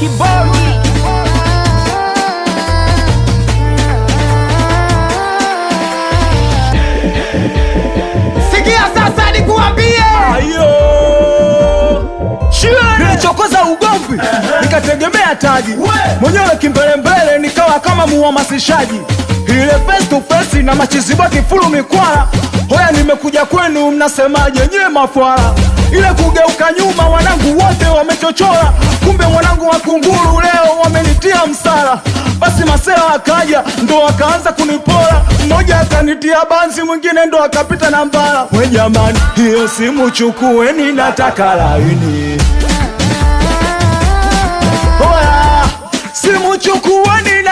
sikia sasa ugomvi nikategemea taji mwenyewe kimbelembele nikawa kama muhamasishaji ile face to face na machizibaki kifulu mikwala. hoya nimekuja kwenu mnasemaje nyewe mafwala? ile kugeuka nyuma, wanangu wote wamechochora, kumbe wanangu wa kunguru leo wamenitia msala. Basi masela akaja, ndo akaanza kunipora, mmoja akanitia banzi, mwingine ndo akapita na mbala. We jamani, hiyo simu chukueni, nataka laini oya, simu chukueni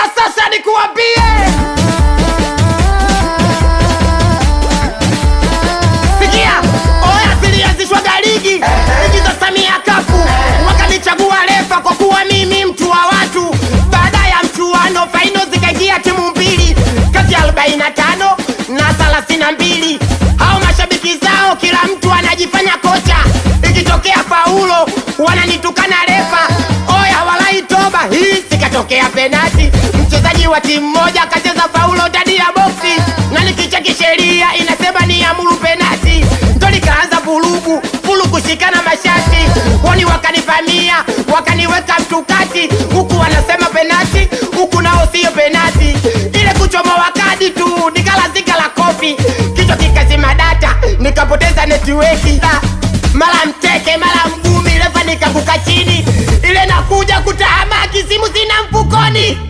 Tulia sasa, nikuambie sikia. Oya zilianzishwa ga ligi ligi za Samia Kafu, wakanichagua refa kwa kuwa mimi mtu wa watu. Baada ya mchuano, faino zikaingia timu mbili kati ya 45 na 32. Hao mashabiki zao kila mtu anajifanya kocha, ikitokea paulo wananitukana refa. Oya walai toba, hii sikatokea penali mchezaji wa timu moja akacheza faulo ndani ya boksi, na nikicha kisheria inasema ni amuru penati, ndo nikaanza vurugu fulu kushikana mashati, woni wakanivamia wakaniweka mtukati, huku wanasema penati, huku nao sio penati, ile kuchoma wakadi tu nikalazika la kofi, kichwa kikazima data, nikapoteza netiweki mara mteke mara mgumi, refa nikakuka chini, ile nakuja kutahamaki, simu zina mfukoni.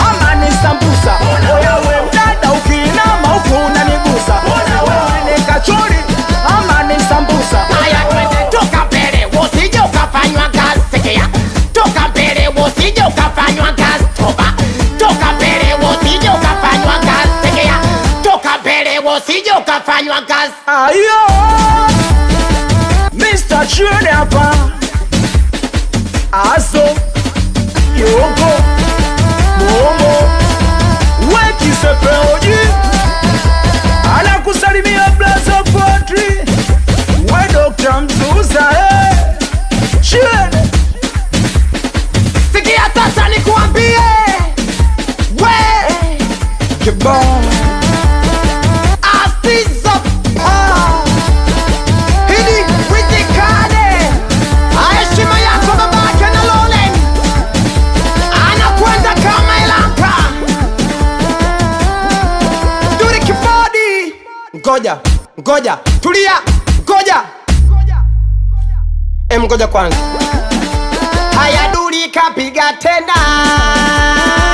mani sambusa oya ukinama uko unanigusa ni kachuri ama ni sambusa twende toka mbele ukafanywa toka mbele ukafanywa toka mbele ukafanywa toka mbele ukafanywa ayo Junior Aso ngoja ngoja, tulia, ngoja em, ngoja kwanza. hayaduli kapiga tena